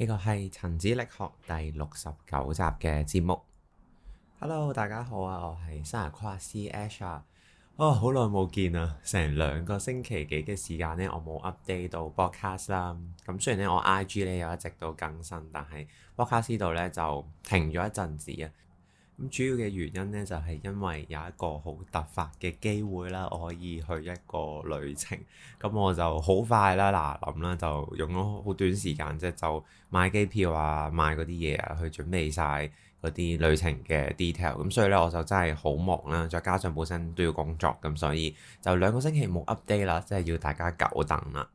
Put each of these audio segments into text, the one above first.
呢個係陳子力學第六十九集嘅節目。Hello，大家好啊，我係生日跨師 Ash 哦，好耐冇見啊，成兩個星期幾嘅時間咧，我冇 update 到 Podcast 啦。咁雖然咧我 IG 咧有一直都更新，但係 Podcast 度咧就停咗一陣子啊。咁主要嘅原因咧，就係、是、因為有一個好突發嘅機會啦，我可以去一個旅程，咁、嗯、我就好快啦，嗱，諗啦，就用咗好短時間，即係，就買機票啊，買嗰啲嘢啊，去準備晒嗰啲旅程嘅 detail，咁、嗯、所以咧，我就真係好忙啦、啊，再加上本身都要工作，咁所以就兩個星期冇 update 啦，即係要大家久等啦。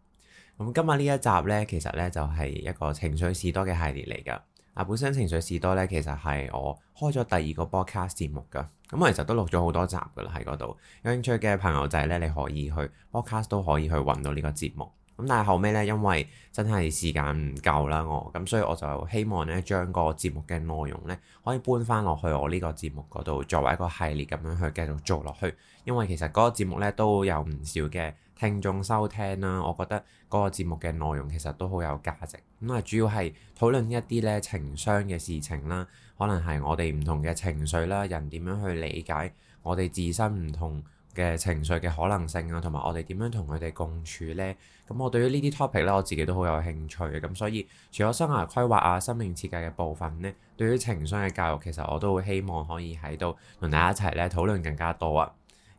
咁、嗯、今日呢一集咧，其實咧就係、是、一個情緒士多嘅系列嚟㗎。啊，本身情緒事多咧，其實係我開咗第二個 podcast 節目㗎，咁、嗯、我其實都錄咗好多集㗎啦喺嗰度。有興趣嘅朋友仔咧，你可以去 podcast 都可以去揾到呢個節目。咁但係後尾咧，因為真係時間唔夠啦我，咁所以我就希望咧，將個節目嘅內容咧，可以搬翻落去我呢個節目嗰度，作為一個系列咁樣去繼續做落去。因為其實嗰個節目咧都有唔少嘅聽眾收聽啦，我覺得嗰個節目嘅內容其實都好有價值。咁啊，主要係討論一啲咧情商嘅事情啦，可能係我哋唔同嘅情緒啦，人點樣去理解我哋自身唔同。嘅情緒嘅可能性啊，同埋我哋點樣同佢哋共處呢？咁我對於呢啲 topic 咧，我自己都好有興趣嘅。咁所以，除咗生涯規劃啊、生命設計嘅部分呢，對於情商嘅教育，其實我都好希望可以喺度同大家一齊咧討論更加多啊。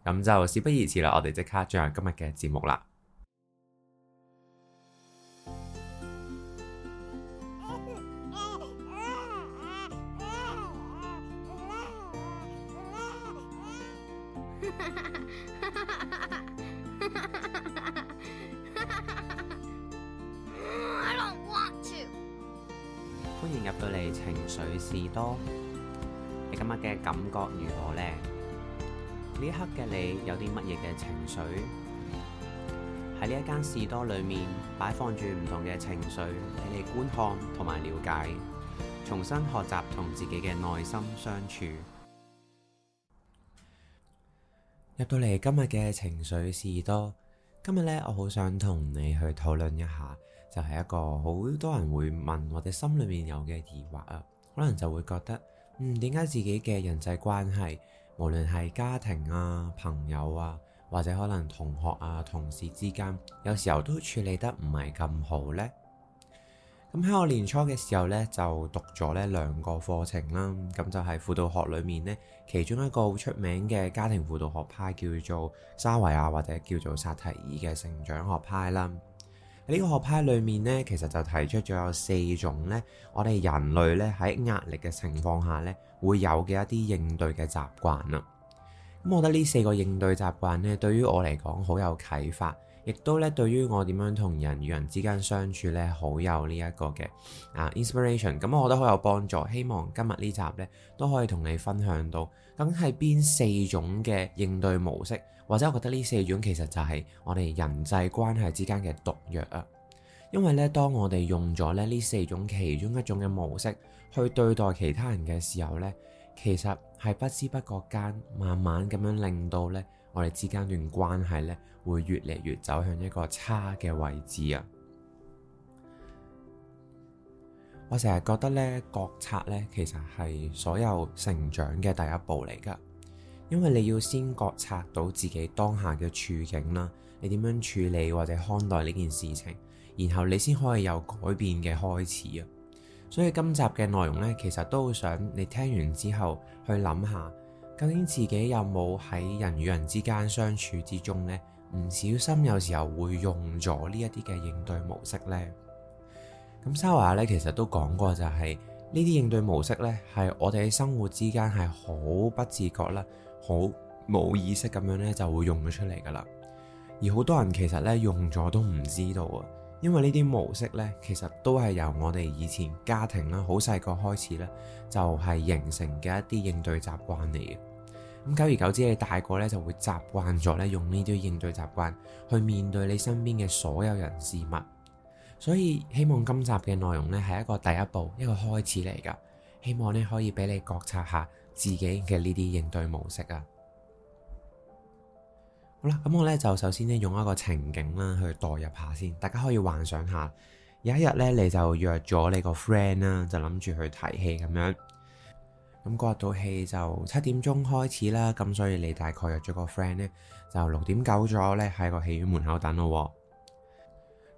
咁就事不宜遲啦，我哋即刻進入今日嘅節目啦。入到嚟情緒士多，你今日嘅感覺如何呢？呢刻嘅你有啲乜嘢嘅情緒？喺呢一間士多裏面擺放住唔同嘅情緒，俾你嚟觀看同埋了解，重新學習同自己嘅內心相處。入到嚟今日嘅情緒士多，今日呢，我好想同你去討論一下。就係一個好多人會問或者心裏面有嘅疑惑啊，可能就會覺得，嗯，點解自己嘅人際關係，無論係家庭啊、朋友啊，或者可能同學啊、同事之間，有時候都處理得唔係咁好呢？咁喺我年初嘅時候呢，就讀咗呢兩個課程啦，咁就係輔導學裏面呢，其中一個好出名嘅家庭輔導學派叫做沙維亞或者叫做薩提爾嘅成長學派啦。喺呢個學派裏面呢，其實就提出咗有四種呢。我哋人類呢，喺壓力嘅情況下呢，會有嘅一啲應對嘅習慣啦。咁、嗯、我覺得呢四個應對習慣呢，對於我嚟講好有啟發，亦都呢對於我點樣同人與人之間相處呢，好有呢一個嘅 inspiration、嗯。咁我覺得好有幫助，希望今日呢集呢，都可以同你分享到，梗係邊四種嘅應對模式？或者我覺得呢四種其實就係我哋人際關係之間嘅毒藥啊，因為咧，當我哋用咗咧呢四種其中一種嘅模式去對待其他人嘅時候咧，其實係不知不覺間慢慢咁樣令到咧我哋之間段關係咧會越嚟越走向一個差嘅位置啊！我成日覺得咧，覺察咧其實係所有成長嘅第一步嚟㗎。因為你要先覺察到自己當下嘅處境啦，你點樣處理或者看待呢件事情，然後你先可以有改變嘅開始啊。所以今集嘅內容呢，其實都想你聽完之後去諗下，究竟自己有冇喺人與人之間相處之中呢？唔小心有時候會用咗呢一啲嘅應對模式呢。咁沙華咧，其實都講過就係呢啲應對模式呢，係我哋喺生活之間係好不自覺啦。好冇意識咁樣咧，就會用咗出嚟噶啦。而好多人其實咧用咗都唔知道啊，因為呢啲模式咧，其實都係由我哋以前家庭啦，好細個開始咧，就係形成嘅一啲應對習慣嚟嘅。咁久而久之，你大個咧就會習慣咗咧用呢啲應對習慣去面對你身邊嘅所有人事物。所以希望今集嘅內容咧係一個第一步，一個開始嚟噶。希望咧可以俾你覺察下。自己嘅呢啲應對模式啊，好啦，咁我呢，就首先呢用一個情景啦去代入下先，大家可以幻想下，有一日呢，你就約咗你個 friend 啦，就諗住去睇戲咁樣。咁嗰日套戲就七點鐘開始啦，咁所以你大概約咗個 friend 呢，就六點九咗呢，喺個戲院門口等咯。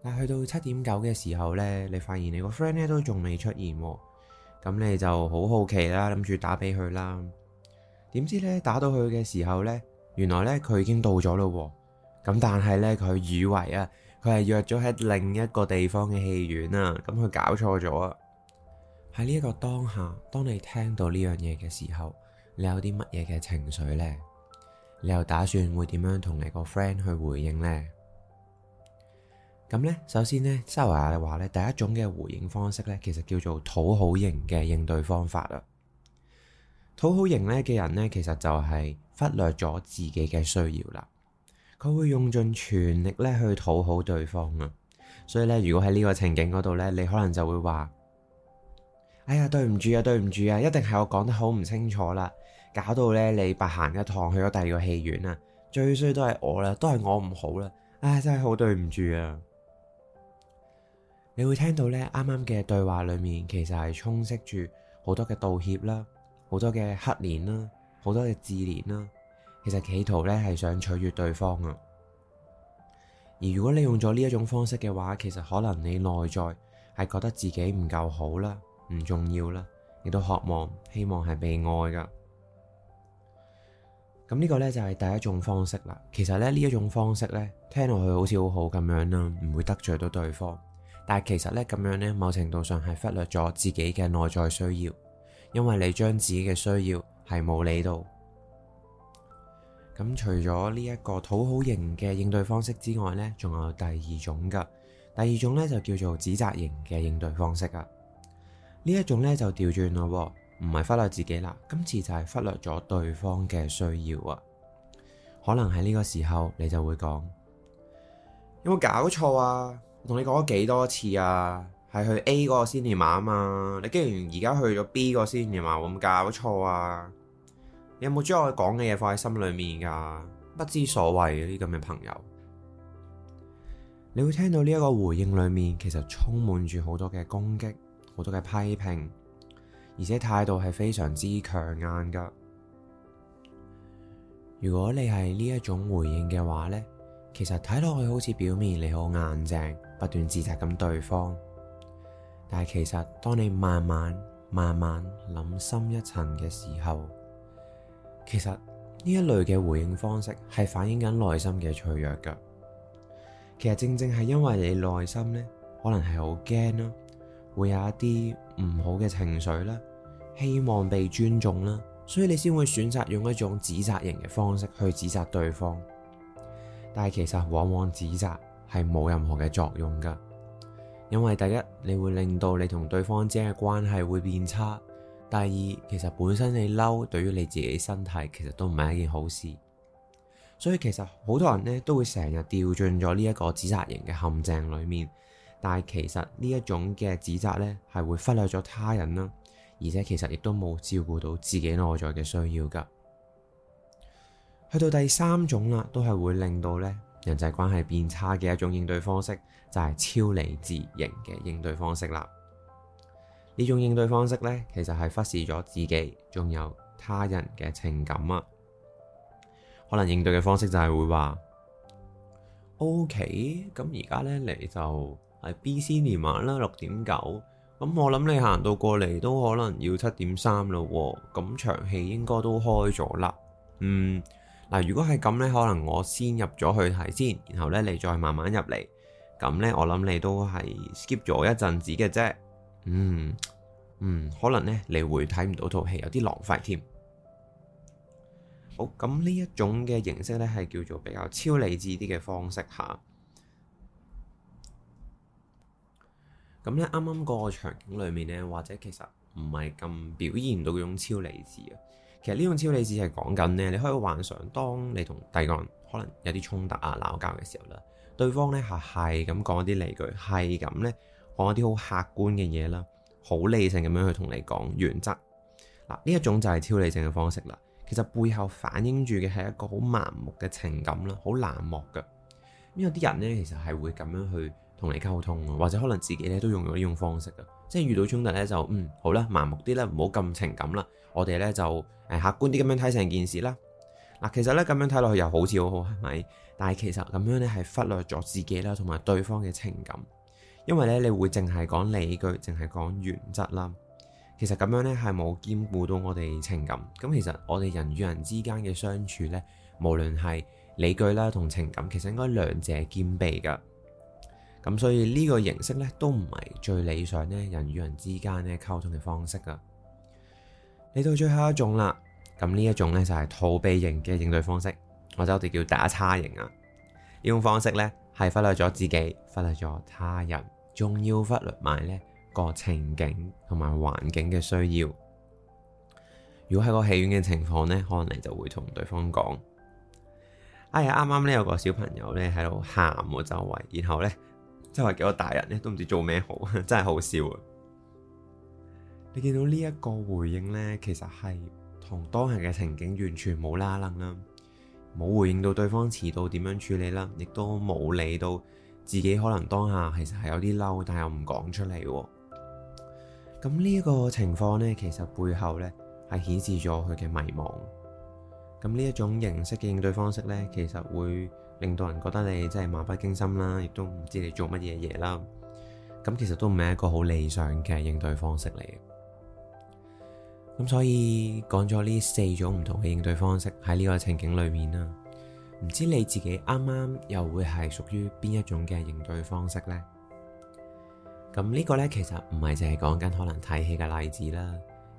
但去到七點九嘅時候呢，你發現你個 friend 呢都仲未出現喎。咁你就好好奇啦，諗住打俾佢啦。點知咧打到佢嘅時候咧，原來咧佢已經到咗咯。咁但係咧佢以為啊，佢係約咗喺另一個地方嘅戲院啊。咁、嗯、佢搞錯咗啊。喺呢一個當下，當你聽到呢樣嘢嘅時候，你有啲乜嘢嘅情緒咧？你又打算會點樣同你個 friend 去回應咧？咁咧，首先咧，西維亞嘅話咧，第一種嘅回應方式咧，其實叫做討好型嘅應對方法啦。討好型咧嘅人咧，其實就係忽略咗自己嘅需要啦。佢會用盡全力咧去討好對方啊。所以咧，如果喺呢個情景嗰度咧，你可能就會話：哎呀，對唔住啊，對唔住啊，一定係我講得好唔清楚啦，搞到咧你白行一趟去咗第二個戲院啊。最衰都係我啦，都係我唔好啦，唉，真係好對唔住啊！你會聽到咧，啱啱嘅對話裏面，其實係充斥住好多嘅道歉啦，好多嘅黑臉啦，好多嘅自憐啦。其實企圖咧係想取悅對方啊。而如果你用咗呢一種方式嘅話，其實可能你內在係覺得自己唔夠好啦，唔重要啦，亦都渴望希望係被愛噶。咁呢個咧就係第一種方式啦。其實咧呢一種方式咧，聽落去好似好好咁樣啦，唔會得罪到對方。但係其實咧，咁樣咧，某程度上係忽略咗自己嘅內在需要，因為你將自己嘅需要係冇理到。咁除咗呢一個討好型嘅應對方式之外咧，仲有第二種噶。第二種咧就叫做指責型嘅應對方式啊。呢一種咧就調轉啦，唔係忽略自己啦，今次就係忽略咗對方嘅需要啊。可能喺呢個時候你就會講：有冇搞錯啊？我同你講咗幾多次啊，係去 A 嗰個 cinema 啊嘛，你竟然而家去咗 B 個 cinema，會唔會搞錯啊？你有冇將我講嘅嘢放喺心裏面噶？不知所謂嗰啲咁嘅朋友， 你會聽到呢一個回應裏面，其實充滿住好多嘅攻擊，好多嘅批評，而且態度係非常之強硬噶。如果你係呢一種回應嘅話呢，其實睇落去好似表面你好硬正。不斷指責咁對方，但係其實當你慢慢、慢慢諗深一層嘅時候，其實呢一類嘅回應方式係反映緊內心嘅脆弱㗎。其實正正係因為你內心呢，可能係好驚啦，會有一啲唔好嘅情緒啦，希望被尊重啦，所以你先會選擇用一種指責型嘅方式去指責對方。但係其實往往指責係冇任何嘅作用噶，因為第一你會令到你同對方之間嘅關係會變差，第二其實本身你嬲，對於你自己身體其實都唔係一件好事，所以其實好多人呢，都會成日掉進咗呢一個指責型嘅陷阱裏面，但係其實呢一種嘅指責呢，係會忽略咗他人啦，而且其實亦都冇照顧到自己內在嘅需要噶，去到第三種啦，都係會令到呢。人際關係變差嘅一種應對方式就係、是、超理智型嘅應對方式啦。呢種應對方式呢，其實係忽視咗自己仲有他人嘅情感啊。可能應對嘅方式就係會話，OK，咁而家呢，你就係 BC 年晚啦，六點九。咁我諗你行到過嚟都可能要七點三咯。咁場戲應該都開咗啦。嗯。嗱，如果係咁咧，可能我先入咗去睇先，然後咧，你再慢慢入嚟，咁咧，我諗你都係 skip 咗一陣子嘅啫，嗯嗯，可能咧你會睇唔到套戲，有啲浪費添。好，咁呢一種嘅形式咧，係叫做比較超理智啲嘅方式吓。咁咧啱啱嗰個場景裏面咧，或者其實唔係咁表現到嗰種超理智啊。其實呢種超理智係講緊咧，你可以幻想當你同第二個人可能有啲衝突啊、鬧交嘅時候啦，對方呢係係咁講一啲理據，係咁呢講一啲好客觀嘅嘢啦，好理性咁樣去同你講原則。嗱，呢一種就係超理性嘅方式啦。其實背後反映住嘅係一個好盲目嘅情感啦，好冷漠噶。咁有啲人呢，其實係會咁樣去同你溝通，或者可能自己呢都用咗呢種方式噶，即係遇到衝突呢，就嗯好啦，盲目啲啦，唔好咁情感啦。我哋咧就誒客觀啲咁樣睇成件事啦。嗱，其實咧咁樣睇落去又好似好好，係咪？但係其實咁樣咧係忽略咗自己啦，同埋對方嘅情感。因為咧你會淨係講理據，淨係講原則啦。其實咁樣咧係冇兼顧到我哋情感。咁其實我哋人與人之間嘅相處咧，無論係理據啦同情感，其實應該兩者兼備噶。咁所以呢個形式咧都唔係最理想咧人與人之間咧溝通嘅方式噶。你到最後一種啦，咁呢一種咧就係逃避型嘅應對方式，或者我哋叫打叉型啊。呢種方式咧係忽略咗自己，忽略咗他人，仲要忽略埋咧個情景同埋環境嘅需要。如果喺個戲院嘅情況咧，可能你就會同對，對方講：哎呀，啱啱咧有個小朋友咧喺度喊喎，我周圍，然後咧周圍幾個大人咧都唔知做咩好，真係好笑啊！你見到呢一個回應呢，其實係同當下嘅情景完全冇拉楞啦，冇回應到對方遲到點樣處理啦，亦都冇理到自己可能當下其實係有啲嬲，但係又唔講出嚟。咁呢一個情況呢，其實背後呢係顯示咗佢嘅迷茫。咁呢一種形式嘅應對方式呢，其實會令到人覺得你真係漫不經心啦，亦都唔知你做乜嘢嘢啦。咁其實都唔係一個好理想嘅應對方式嚟。咁所以講咗呢四種唔同嘅應對方式喺呢個情景裏面啦，唔知你自己啱啱又會係屬於邊一種嘅應對方式呢？咁呢個呢，其實唔係淨係講緊可能睇戲嘅例子啦，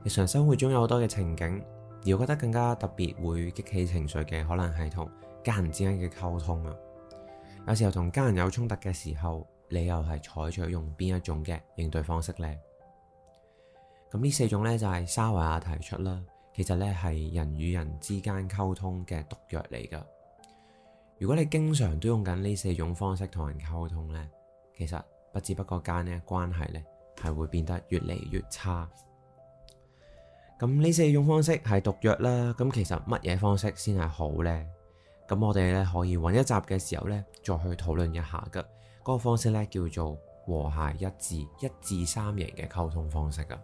日常生活中有好多嘅情景，而我覺得更加特別會激起情緒嘅，可能係同家人之間嘅溝通啊。有時候同家人有衝突嘅時候，你又係採取用邊一種嘅應對方式呢？咁呢四種咧，就係沙維亞提出啦。其實咧，係人與人之間溝通嘅毒藥嚟噶。如果你經常都用緊呢四種方式同人溝通咧，其實不知不過間不知不覺間咧，關係咧，係會變得越嚟越差。咁呢四種方式係毒藥啦。咁其實乜嘢方式先係好咧？咁我哋咧，可以揾一集嘅時候咧，再去討論一下噶。嗰、那個方式咧，叫做和諧一致一至三贏嘅溝通方式噶。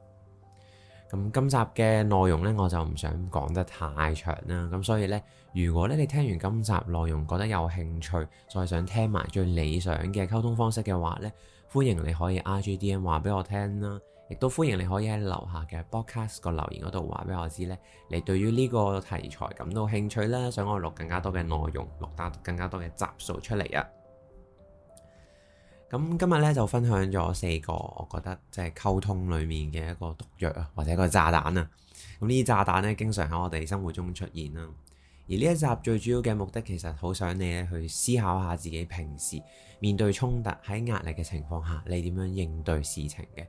咁今集嘅內容呢，我就唔想講得太長啦。咁所以呢，如果你聽完今集內容覺得有興趣，再想聽埋最理想嘅溝通方式嘅話呢，歡迎你可以 R G D M 話俾我聽啦。亦都歡迎你可以喺樓下嘅 Podcast 個留言嗰度話俾我知呢。你對於呢個題材感到興趣啦，想我錄更加多嘅內容，錄多更加多嘅集數出嚟啊！咁今日咧就分享咗四個，我覺得即係溝通裏面嘅一個毒藥啊，或者一個炸彈啊。咁呢啲炸彈咧，經常喺我哋生活中出現啦。而呢一集最主要嘅目的，其實好想你咧去思考下自己平時面對衝突、喺壓力嘅情況下，你點樣應對事情嘅。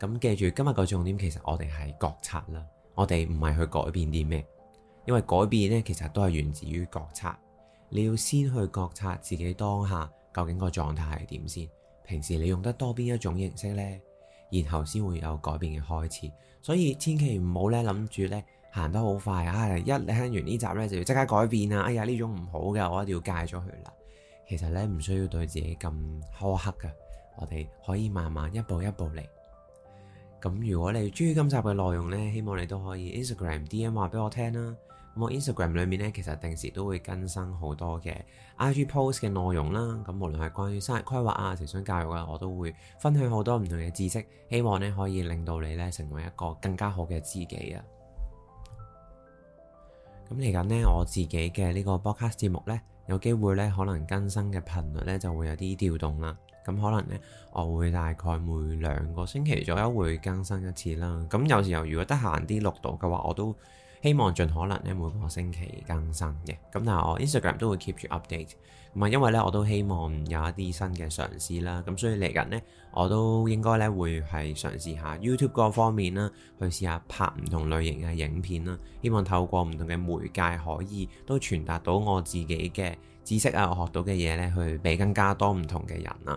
咁記住，今日個重點其實我哋係覺察啦，我哋唔係去改變啲咩，因為改變咧其實都係源自於覺察。你要先去覺察自己當下。究竟個狀態係點先？平時你用得多邊一種形式呢？然後先會有改變嘅開始。所以千祈唔好咧諗住咧行得好快啊、哎！一聽完呢集咧就要即刻改變啊！哎呀呢種唔好嘅，我一定要戒咗佢啦。其實咧唔需要對自己咁苛刻噶，我哋可以慢慢一步一步嚟。咁如果你中意今集嘅內容呢，希望你都可以 Instagram DM 話俾我聽啦。咁我 Instagram 裏面咧，其實定時都會更新好多嘅 IG post 嘅內容啦。咁無論係關於生日規劃啊、情商教育啊，我都會分享好多唔同嘅知識，希望咧可以令到你咧成為一個更加好嘅自己啊。咁嚟緊呢，我自己嘅呢個播客節目呢，有機會呢可能更新嘅頻率呢就會有啲調動啦。咁可能呢，我會大概每兩個星期左右會更新一次啦。咁有時候如果得閒啲錄到嘅話，我都，希望盡可能每個星期更新嘅，咁但係我 Instagram 都會 keep 住 update，因為呢我都希望有一啲新嘅嘗試啦，咁所以嚟緊呢，我都應該呢會係嘗試下 YouTube 嗰方面啦，去試下拍唔同類型嘅影片啦，希望透過唔同嘅媒介可以都傳達到我自己嘅知識啊，我學到嘅嘢呢去俾更加多唔同嘅人啦。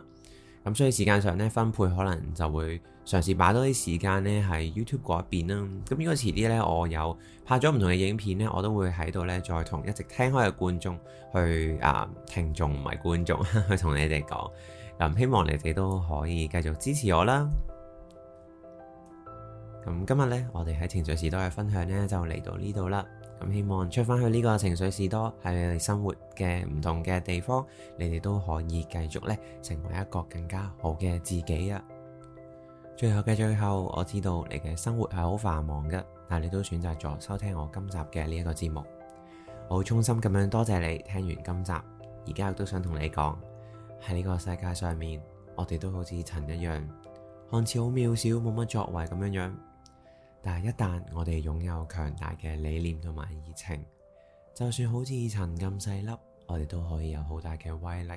咁所以時間上咧分配可能就會嘗試擺多啲時間咧喺 YouTube 嗰一邊啦。咁如果遲啲咧我有拍咗唔同嘅影片咧，我都會喺度咧再同一直聽開嘅觀眾去啊，聽眾唔係觀眾 去同你哋講。咁、嗯、希望你哋都可以繼續支持我啦。咁今日咧我哋喺情緒士多嘅分享咧就嚟到呢度啦。咁希望出翻去呢個情緒士多喺你哋生活嘅唔同嘅地方，你哋都可以繼續咧，成為一個更加好嘅自己啊！最後嘅最後，我知道你嘅生活係好繁忙嘅，但你都選擇咗收聽我今集嘅呢一個節目，我好衷心咁樣多謝你聽完今集，而家亦都想同你講，喺呢個世界上面，我哋都好似塵一樣，看似好渺小，冇乜作為咁樣樣。但一旦我哋擁有強大嘅理念同埋熱情，就算好似塵咁細粒，我哋都可以有好大嘅威力，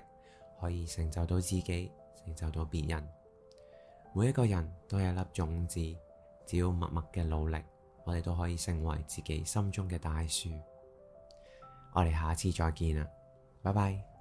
可以成就到自己，成就到別人。每一個人都係一粒種子，只要默默嘅努力，我哋都可以成為自己心中嘅大樹。我哋下次再見啦，拜拜。